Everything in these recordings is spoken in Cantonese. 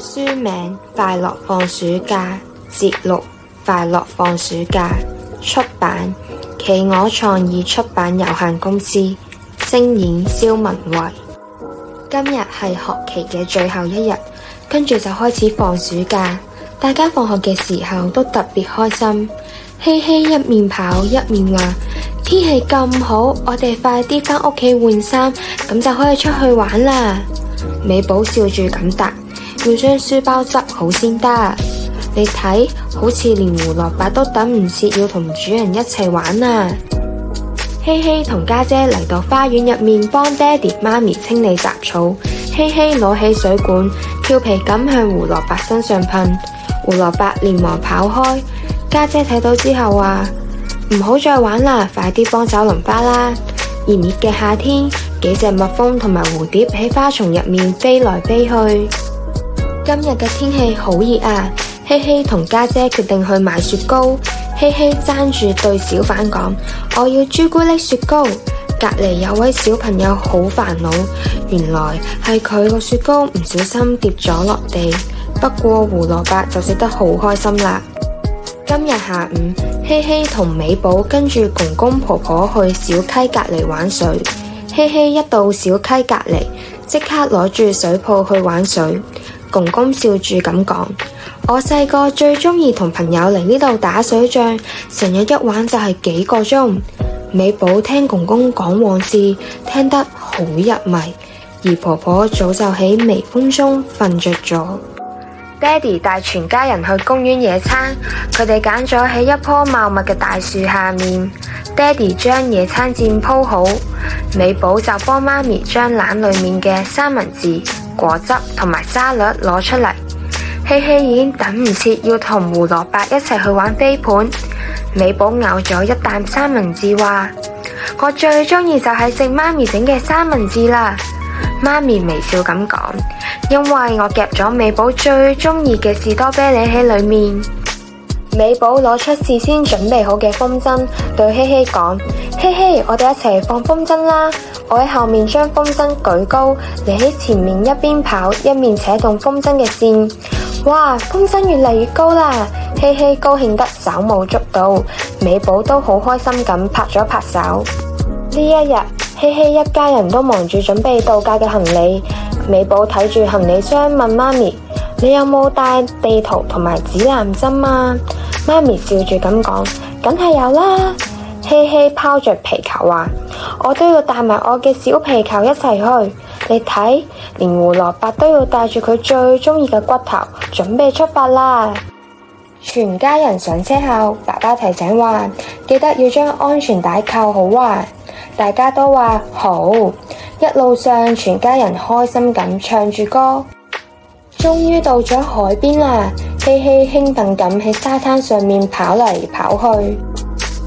書名《快樂放暑假》，節錄《快樂放暑假》，出版《企鵝創意出版有限公司》，聲演蕭雯蔚。今日係學期嘅最後一日，跟住就開始放暑假。大家放學嘅時候都特別開心。希希一面跑一面話：天氣咁好，我哋快啲返屋企換衫，咁就可以出去玩啦。美寶笑住咁答。要將書包執好先得。你睇，好似連胡蘿蔔都等唔切，要同主人一齊玩啊！希希同家姐嚟到花園入面幫爹哋媽咪清理雜草。希希攞起水管，調皮咁向胡蘿蔔身上噴，胡蘿蔔連忙跑開。家姐睇到之後話：唔好再玩啦，快啲幫手淋花啦！炎熱嘅夏天，幾隻蜜蜂同埋蝴蝶喺花叢入面飛來飛去。今日嘅天氣好熱啊！希希同家姐決定去買雪糕。希希爭住對小販講：我要朱古力雪糕。隔籬有位小朋友好煩惱，原來係佢個雪糕唔小心跌咗落地。不過胡蘿卜就食得好開心啦。今日下午，希希同美寶跟住公公婆婆去小溪隔籬玩水。希希一到小溪隔籬，即刻攞住水泡去玩水。公公笑住咁講：「我細個最中意同朋友嚟呢度打水仗，成日一玩就係幾個鐘。」美寶聽公公講往事，聽得好入迷，而婆婆早就喺微風中瞓着咗。爹哋帶全家人去公園野餐，佢哋揀咗喺一棵茂密嘅大樹下面。爹哋將野餐墊鋪好，美寶就幫媽咪將籃裏面嘅三文治。果汁同埋沙律攞出嚟，希希已經等唔切要同胡蘿蔔一齊去玩飛盤。美寶咬咗一啖三文治，話：我最中意就係食媽咪整嘅三文治啦。媽咪微笑咁講，因為我夾咗美寶最中意嘅士多啤梨喺裏面。美寶攞出事先準備好嘅風箏，對希希講：希希，我哋一齊放風箏啦！我喺後面將風箏舉高，你喺前面一邊跑一邊扯動風箏嘅線。哇，風箏越嚟越高啦！希希高興得手舞足蹈，美寶都好開心咁拍咗拍手。呢一日，希希一家人都忙住準備度假嘅行李，美寶睇住行李箱問媽咪。你有冇帶地圖同埋指南針啊？媽咪笑住咁講，梗係有啦。希希拋着皮球話，我都要帶埋我嘅小皮球一齊去。你睇，連胡蘿蔔都要帶住佢最中意嘅骨頭，準備出發啦！全家人上車後，爸爸提醒話記得要將安全帶扣好啊！大家都話好。一路上，全家人開心咁唱住歌。終於到咗海邊啦，希希興奮咁喺沙灘上面跑嚟跑去。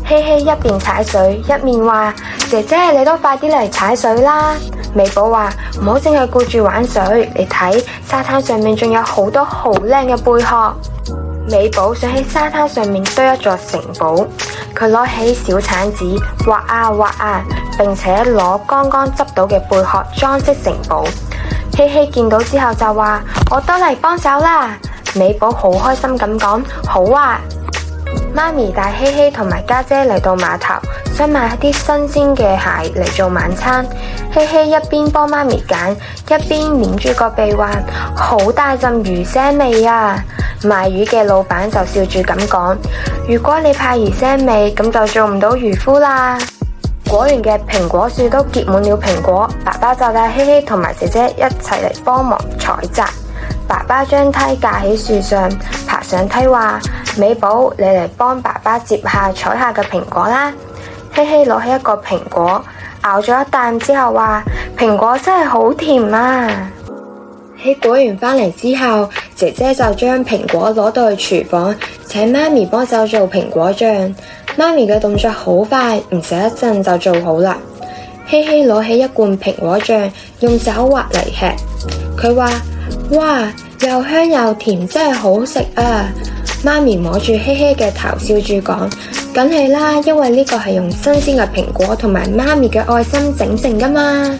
希希一邊踩水，一邊話：姐姐，你都快啲嚟踩水啦！美寶話：唔好淨係顧住玩水，你睇沙灘上面仲有好多好靚嘅貝殼。美寶想喺沙灘上面堆一座城堡，佢攞起小鏟子挖啊挖啊，並且攞剛剛執到嘅貝殼裝飾城堡。希希見到之後就話：我都嚟幫手啦！美寶好開心咁講：好啊，媽咪帶希希同埋家姐嚟到碼頭，想買啲新鮮嘅蟹嚟做晚餐。希希一邊幫媽咪揀，一邊捏住個鼻環，好大陣魚腥味啊！賣魚嘅老闆就笑住咁講：如果你怕魚腥味，咁就做唔到漁夫啦。果園嘅蘋果樹都結滿了蘋果，爸爸就帶希希同埋姐姐一齊嚟幫忙採摘。爸爸將梯架喺樹上，爬上梯話：美寶，你嚟幫爸爸接下，採下、採下嘅蘋果啦！希希攞起一個蘋果咬咗一啖之後話：蘋果真係好甜啊！喺果園翻嚟之後，姐姐就將蘋果攞到去廚房，請媽咪幫手做蘋果醬。媽咪嘅動作好快，唔使一陣就做好啦。希希攞起一罐蘋果醬，用手挖嚟食。佢話：哇，又香又甜，真係好食啊！媽咪摸住希希嘅頭說，笑住講：梗係啦，因為呢個係用新鮮嘅蘋果同埋媽咪嘅愛心整成㗎嘛。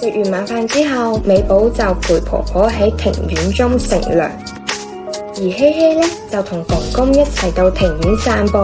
食完晚飯之後，美寶就陪婆婆喺庭院中乘涼，而希希呢，就同公公一齊到庭院散步。